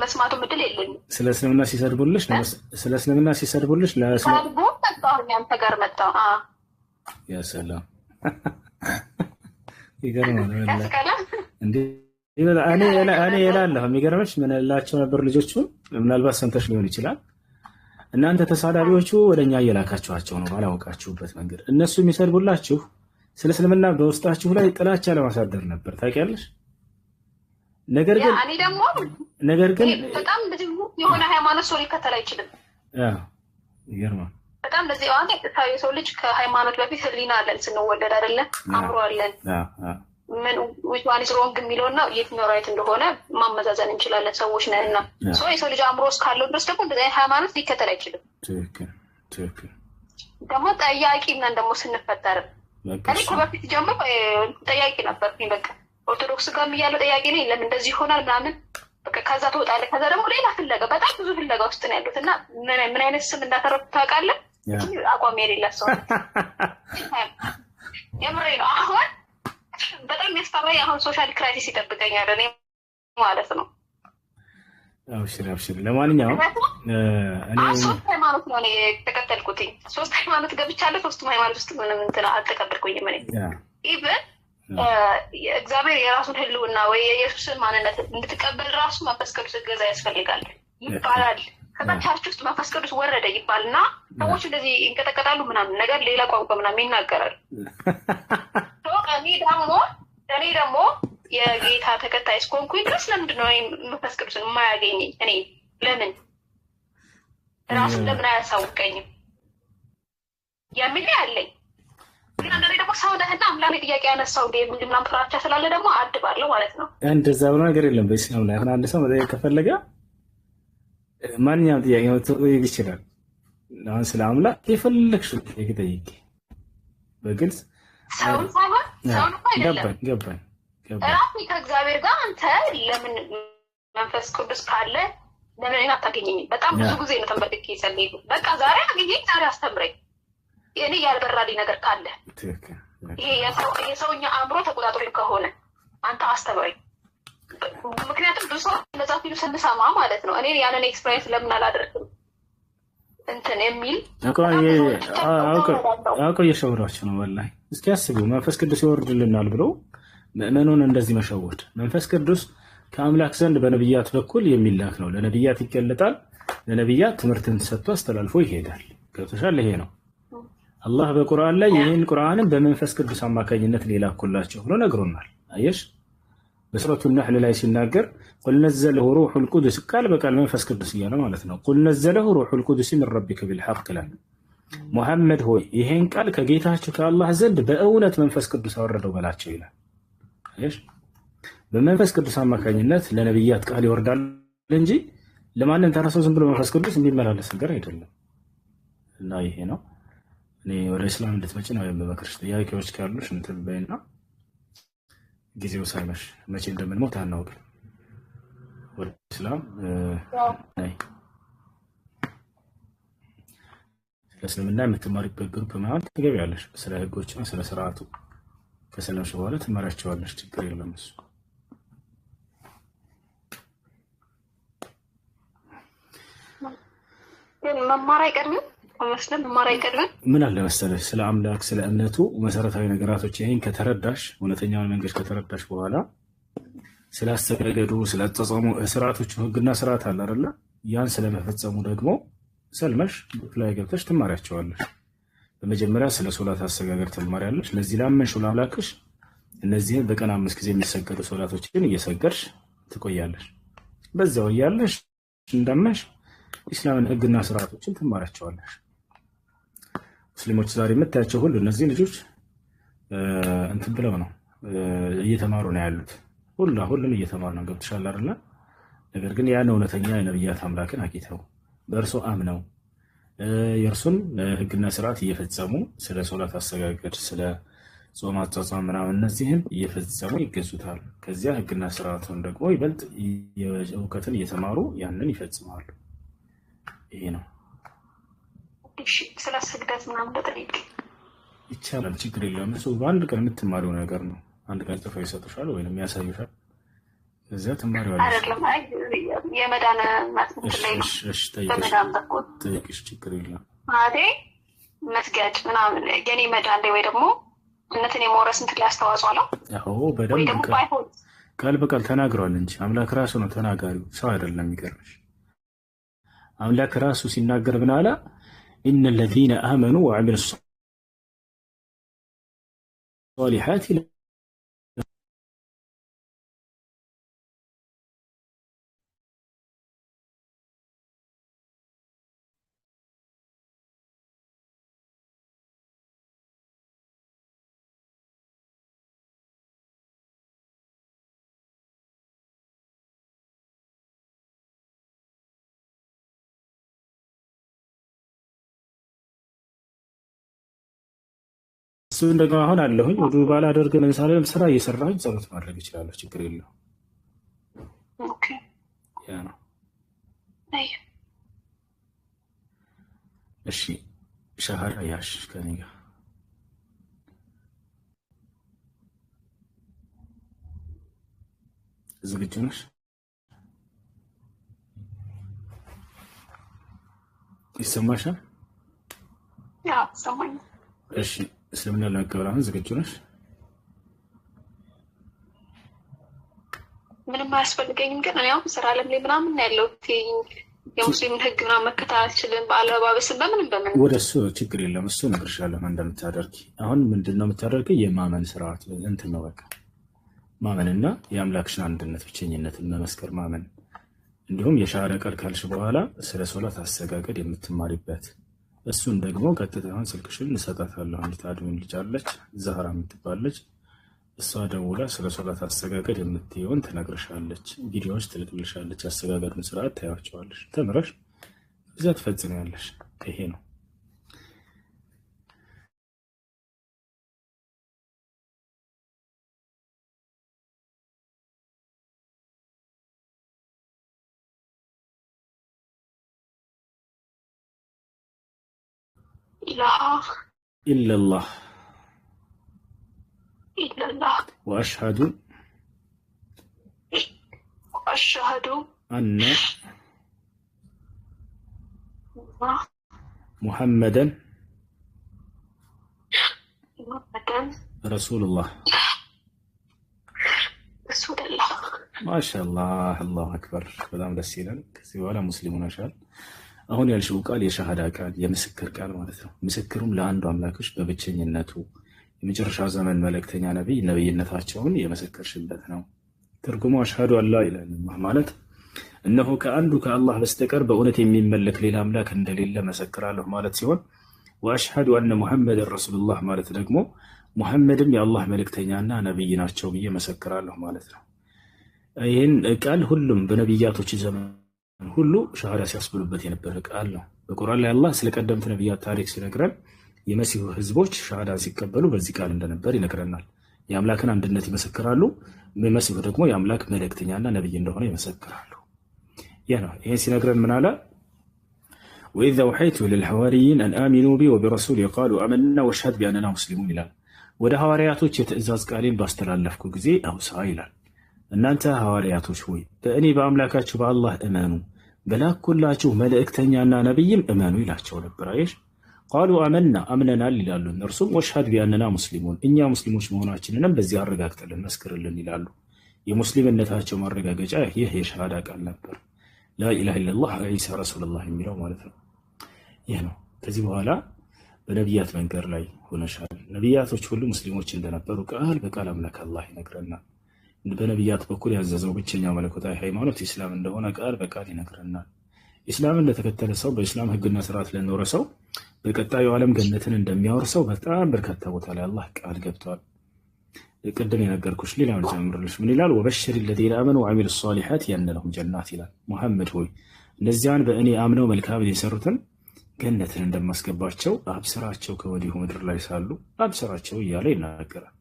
የመስማቱም እድል የለኝም። ስለ እስልምና ሲሰድቡልሽ ስለ እስልምና ሲሰድቡልሽ ለሰድቡ መጣሁ አንተ ጋር መጣሁ። ያሰላም ይገርማል። እኔ እላለሁ የሚገርመች ምን እላቸው ነበር ልጆቹ፣ ምናልባት ሰምተሽ ሊሆን ይችላል። እናንተ ተሳዳቢዎቹ ወደ እኛ እየላካችኋቸው ነው ባላወቃችሁበት መንገድ። እነሱ የሚሰድቡላችሁ ስለ እስልምና በውስጣችሁ ላይ ጥላቻ ለማሳደር ነበር። ታውቂያለሽ ነገር ግን እኔ ደግሞ ነገር ግን በጣም ብዙ የሆነ ሃይማኖት ሰው ሊከተል አይችልም። ይገርማል። በጣም እንደዚህ አሁን ሰው ልጅ ከሃይማኖት በፊት ህሊና አለን፣ ስንወለድ አይደለ አምሮ አለን። ምን ዋን ሮንግ የሚለውና የት ኖራየት እንደሆነ ማመዛዘን እንችላለን ሰዎች ነን እና የሰው ልጅ አእምሮ ካለው ድረስ ደግሞ እንደዚህ ሃይማኖት ሊከተል አይችልም። ደግሞ ጠያቂ ነን ደግሞ ስንፈጠርም እኔ ከበፊት በፊት ጀምሮ ጠያቂ ነበርኩኝ በቃ ኦርቶዶክስ ጋር እያለው ጥያቄ ነው የለም እንደዚህ ይሆናል ምናምን በቃ ከዛ ትወጣለህ። ከዛ ደግሞ ሌላ ፍለጋ በጣም ብዙ ፍለጋ ውስጥ ነው ያሉት እና ምን አይነት ስም እንዳተረፉ ታውቃለህ? አቋም የሌላ ሰው የምሬ ነው። አሁን በጣም የሚያስፈራ አሁን ሶሻል ክራይሲስ ይጠብቀኛል እኔ ማለት ነው። አብሽር አብሽር። ለማንኛውም ሶስት ሃይማኖት ነው የተከተልኩትኝ። ሶስት ሃይማኖት ገብቻለሁ። ሶስቱም ሃይማኖት ውስጥ ምንም እንትን አልተቀበልኩኝም እኔ ኢቨን እግዚአብሔር የራሱን ህልውና ወይ የኢየሱስን ማንነት እንድትቀበል ራሱ መንፈስ ቅዱስ እገዛ ያስፈልጋል ይባላል። ከታች ውስጥ መንፈስ ቅዱስ ወረደ ይባል እና ሰዎች እንደዚህ ይንቀጠቀጣሉ ምናምን ነገር ሌላ ቋንቋ ምናምን ይናገራል። እኔ ደግሞ እኔ ደግሞ የጌታ ተከታይ እስኮንኩኝ ድረስ ለምንድን ነው መንፈስ ቅዱስን የማያገኝ እኔ ለምን ራሱን ለምን አያሳውቀኝም የሚል ያለኝ ደግሞ ሰው ነህና አምላክ ጥያቄ ያነሳው ምናምን ፍራቻ ስላለ ደግሞ አድባለሁ ማለት ነው። እንደዛ ብሎ ነገር የለም በኢስላም ላይ። አሁን አንድ ሰው መጠየቅ ከፈለገ ማንኛውም ጥያቄ መጠየቅ ይችላል። አሁን ስለ አምላክ የፈለግሽው ጥያቄ ጠይቂ፣ በግልጽ ሰውን ሳይሆን ገባኝ ከእግዚአብሔር ጋር አንተ ለምን መንፈስ ቅዱስ ካለ ለምን እኔን አታገኘኝም? በጣም ብዙ ጊዜ ነው ተንበርክኬ የጸለይኩት። በቃ ዛሬ አገኘኝ፣ ዛሬ አስተምረኝ እኔ ያልበራልኝ ነገር ካለ ይሄ የሰውኛ አእምሮ ተቆጣጥሮኝ ከሆነ አንተ አስተምረኝ። ምክንያቱም ብዙ ሰው እነዛ ሲሉ ስንሰማ ማለት ነው እኔ ያንን ኤክስፐሪንስ ለምን አላደርግም እንትን የሚል አውቀው ነው። ወላሂ እስኪ አስቡ መንፈስ ቅዱስ ይወርድልናል ብሎ ምእመኑን እንደዚህ መሸወድ። መንፈስ ቅዱስ ከአምላክ ዘንድ በነብያት በኩል የሚላክ ነው። ለነብያት ይገለጣል፣ ለነብያት ትምህርትን ሰጥቶ አስተላልፎ ይሄዳል። ገብቶሻል? ይሄ ነው አላህ በቁርአን ላይ ይህን ቁርአንን በመንፈስ ቅዱስ አማካኝነት ሊላኩላቸው ብሎ ነግሮናል። አየሽ በሱረቱ ነሕል ላይ ሲናገር ቁል ነዘለሁ ሩሑል ቁዱስ ቃል በቃል መንፈስ ቅዱስ እያለ ማለት ነው። ቁል ነዘለሁ ሩሑል ቁዱስ ሚን ረቢከ ቢልሐቅ ይላል። ሙሐመድ ሆይ ይሄን ቃል ከጌታችሁ ከአላህ ዘንድ በእውነት መንፈስ ቅዱስ አወረደው በላቸው ይላል። አየሽ በመንፈስ ቅዱስ አማካኝነት ለነቢያት ቃል ይወርዳል እንጂ ለማንም ተረሰው ዝም ብሎ መንፈስ ቅዱስ የሚመላለስ ነገር አይደለም እና ይሄ ነው እኔ ወደ እስላም እንድትመጭ ነው የምመክርሽ። ጥያቄዎች ካሉሽ እንትን በይና ጊዜው ሳይመሽ መቼ እንደምንሞት አናውቅም። ወደ እስላም ነይ። ስለ እስልምና የምትማሪበት ግሩፕ ምናምን ትገቢያለሽ። ስለ ህጎችና ስለ ስርዓቱ ከሰለምሽ በኋላ ትማሪያቸዋለሽ። ችግር የለም እሱ ግን መማር አይቀርም። ምን አለ መሰለሽ፣ ስለ አምላክ ስለ እምነቱ መሰረታዊ ነገራቶች ይህን ከተረዳሽ፣ እውነተኛውን መንገድ ከተረዳሽ በኋላ ስለ አስተጋገዱ፣ ስለ አጸጸሙ ስርዓቶቹ ህግና ስርዓት አለ አይደለ? ያን ስለመፈጸሙ ደግሞ ሰልመሽ ላይ ገብተሽ ትማሪያቸዋለሽ። በመጀመሪያ ስለ ሶላት አሰጋገድ ትማሪያለሽ። ለዚህ ላመንሽው ለአምላክሽ እነዚህን በቀን አምስት ጊዜ የሚሰገዱ ሶላቶችን እየሰገድሽ ትቆያለሽ። በዚያው እያለሽ እንዳመንሽ ኢስላምን ህግና ስርዓቶችን ትማሪያቸዋለሽ። ሙስሊሞች ዛሬ የምታያቸው ሁሉ እነዚህ ልጆች እንትን ብለው ነው እየተማሩ ነው ያሉት። ሁላ ሁሉም እየተማሩ ነው። ገብትሻል አይደለ? ነገር ግን ያን እውነተኛ የነብያት አምላክን አግኝተው በእርሱ አምነው የእርሱን ህግና ስርዓት እየፈጸሙ ስለ ሶላት አሰጋገድ፣ ስለ ጾም አጻጻም ምናምን እነዚህን እየፈጸሙ ይገዙታል። ከዚያ ህግና ስርዓቱን ደግሞ ይበልጥ እውቀትን እየተማሩ ያንን ይፈጽማሉ። ይሄ ነው። ስለ ስግደት ምናምን በጠይቅ ይቻላል፣ ችግር የለም። እሱ በአንድ ቀን የምትማሪው ነገር ነው። አንድ ቀን ጽፎ ይሰጡሻል ወይም ያሳዩሻል። እዚያ ትማሪዋለሽ። አይደለም የመዳን ጠይቅሽ፣ ችግር የለም። ማለቴ መስገድ ምናምን የኔ መዳን ላይ ወይ ደግሞ እምነትን የመውረስ እንትን ላይ አስተዋጽኦ አለው ወይ ደግሞ ቃል በቃል ተናግረዋል እንጂ አምላክ ራሱ ነው ተናጋሪው፣ ሰው አይደለም። የሚገርምሽ አምላክ ራሱ ሲናገር ምን አለ? إن الذين آمنوا وعملوا الصالحات እሱን ደግሞ አሁን አለሁኝ ወዱ ባላደርግ ለምሳሌ ስራ እየሰራሁኝ ጸሎት ማድረግ ይችላለሁ ችግር የለው። እሺ ሻሃዳ ያሽ ከኔ ጋር ዝግጁ ነሽ? ይሰማሻል? እሺ እስልምና ለመቀበል አሁን ዝግጁ ነሽ? ምንም አያስፈልገኝም። ግን እኔ አሁን ስራ አለም ላይ ምናምን ያለው የሙስሊምን ህግ ምናምን መከተል አልችልም። በአለባበስም በምንም በምን ወደ እሱ ችግር የለም። እሱ እነግርሻለሁ እንደምታደርጊ። አሁን ምንድን ነው የምታደርገ? የማመን ስርዓት እንትን ነው በቃ ማመንና የአምላክሽን አንድነት ብቸኝነትን መመስከር ማመን፣ እንዲሁም የሻሃዳ ቃል ካልሽ በኋላ ስለ ሶላት አሰጋገድ የምትማሪበት እሱን ደግሞ ቀጥታ አሁን ስልክሽን እሰጣታለሁ። አንዲት አድሚን ልጅ አለች ዛህራ የምትባለች እሷ ደውላ ስለ ሶላት አሰጋገድ የምትየውን ትነግርሻለች። ቪዲዮዎች ትልቅልሻለች፣ አሰጋገዱን ስርዓት ታያቸዋለች። ተምረሽ እዛ ትፈጽሚያለሽ። ይሄ ነው። إلا الله إلا الله وأشهد وأشهد أن محمدا محمدا رسول الله رسول الله ما شاء الله الله أكبر كلام دسيلا كسي ولا مسلمون شاء الله አሁን ያልሽው ቃል የሻሃዳ ቃል የምስክር ቃል ማለት ነው። ምስክሩም ለአንዱ አምላክሽ በብቸኝነቱ የመጨረሻ ዘመን መልእክተኛ ነቢይ ነቢይነታቸውን የመሰከርሽበት ነው። ትርጉሙ አሽሃዱ አላ ይላል ማለት እነሆ ከአንዱ ከአላህ በስተቀር በእውነት የሚመለክ ሌላ አምላክ እንደሌለ መሰክራለሁ ማለት ሲሆን ወአሽሃዱ አነ ሙሐመድን ረሱሉላህ ማለት ደግሞ ሙሐመድም የአላህ መልእክተኛና ነቢይ ናቸው ብዬ መሰክራለሁ ማለት ነው። ይህን ቃል ሁሉም በነቢያቶች ዘመን ሁሉ ሸሃዳ ሲያስብሉበት የነበረ ቃል ነው። በቁርአን ላይ አላህ ስለ ቀደምት ነቢያት ታሪክ ሲነግረን የመሲሁ ህዝቦች ሻሃዳን ሲቀበሉ በዚህ ቃል እንደነበር ይነግረናል። የአምላክን አንድነት ይመሰክራሉ። መሲሁ ደግሞ የአምላክ መልእክተኛና ነቢይ እንደሆነ ይመሰክራሉ። ያ ነው። ይህን ሲነግረን ምን አለ? ወኢዝ አውሐይቱ ልልሐዋርይን አን አሚኑ ቢ ወቢረሱል የቃሉ አመንና ወሽሀድ ቢአንና ሙስሊሙን ይላል። ወደ ሐዋርያቶች የትእዛዝ ቃሌን ባስተላለፍኩ ጊዜ አውሳ ይላል እናንተ ሐዋርያቶች ሆይ በእኔ በአምላካችሁ በአላህ እመኑ፣ በላኩላችሁ መልእክተኛና ነቢይም እመኑ ይላቸው ነበር። አየሽ ቃሉ አመና አምነናል ይላሉ። እነርሱም ወሽሀድ ቢያንና ሙስሊሙን እኛ ሙስሊሞች መሆናችንንም በዚህ አረጋግጠልን መስክርልን ይላሉ። የሙስሊምነታቸው ማረጋገጫ ይህ የሸሃዳ ቃል ነበር። ላኢላሃ ኢለላህ ዒሳ ረሱሉላህ የሚለው ማለት ነው። ይህ ነው። ከዚህ በኋላ በነቢያት መንገድ ላይ ሆነሻል። ነቢያቶች ሁሉ ሙስሊሞች እንደነበሩ ቃል በቃል አምላክ አላህ ይነግረናል። በነቢያት በኩል ያዘዘው ብቸኛው መለኮታዊ ሃይማኖት ኢስላም እንደሆነ ቃል በቃል ይነግረናል። ኢስላምን ለተከተለ ሰው በኢስላም ህግና ስርዓት ለኖረ ሰው በቀጣዩ ዓለም ገነትን እንደሚያወርሰው በጣም በርካታ ቦታ ላይ አላህ ቃል ገብተዋል። ቅድም የነገርኩሽ ሌላውን ጨምርልሽ ምን ይላል? ወበሽር ለዚነ አመኑ ወዐሚሉ ሷሊሓት የነለሁም ጀናት ይላል። ሙሐመድ ሆይ እነዚያን በእኔ አምነው መልካምን የሰሩትን ገነትን እንደማስገባቸው አብስራቸው ከወዲሁ ምድር ላይ ሳሉ አብስራቸው እያለ ይናገራል።